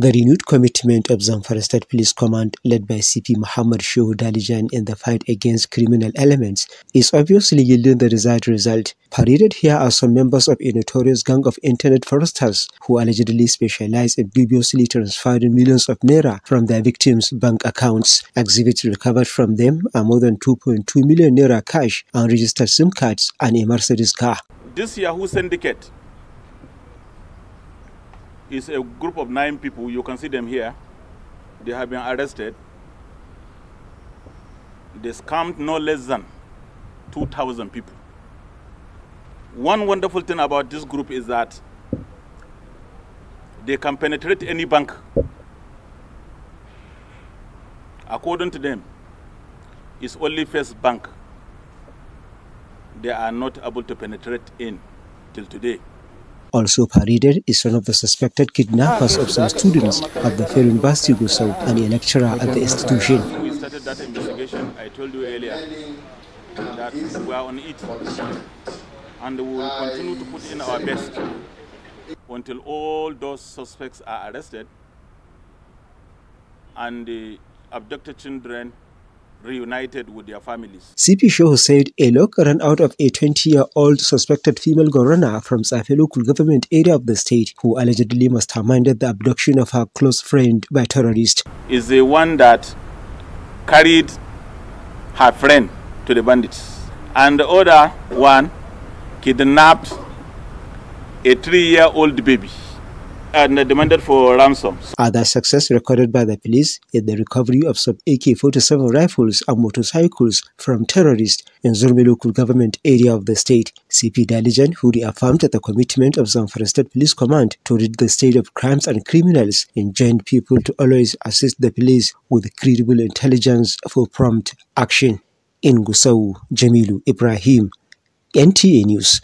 The renewed commitment of Zamfara State Police Command, led by CP Muhammad Shehu Dalijan in the fight against criminal elements, is obviously yielding the desired result. Paraded here are some members of a notorious gang of internet foresters who allegedly specialize in dubiously transferring millions of naira from their victims' bank accounts. Exhibits recovered from them are more than 2.2 million naira cash, unregistered SIM cards, and a Mercedes car. This Yahoo syndicate is a group of nine people. You can see them here. They have been arrested. They scammed no less than 2,000 people. One wonderful thing about this group is that they can penetrate any bank. According to them, it's only First Bank they are not able to penetrate in till today. Also paraded is one of the suspected kidnappers of some students at the Federal University Gusau and a lecturer at the institution. We started that investigation, I told you earlier that we are on it and we will continue to put in our best until all those suspects are arrested and the abducted children reunited with their families. CP Shehu said a lock ran out of a 20-year-old suspected female gorilla from Safi local government area of the state who allegedly masterminded the abduction of her close friend by terrorists. Is the one that carried her friend to the bandits. And the other one kidnapped a three-year-old baby and demanded for ransoms. Other success recorded by the police in the recovery of some AK-47 rifles and motorcycles from terrorists in Zurmi local government area of the state. CP Dalijan, who reaffirmed the commitment of Zamfara State Police Command to rid the state of crimes and criminals, enjoined people to always assist the police with credible intelligence for prompt action. In Gusau, Jamilu Ibrahim, NTA News.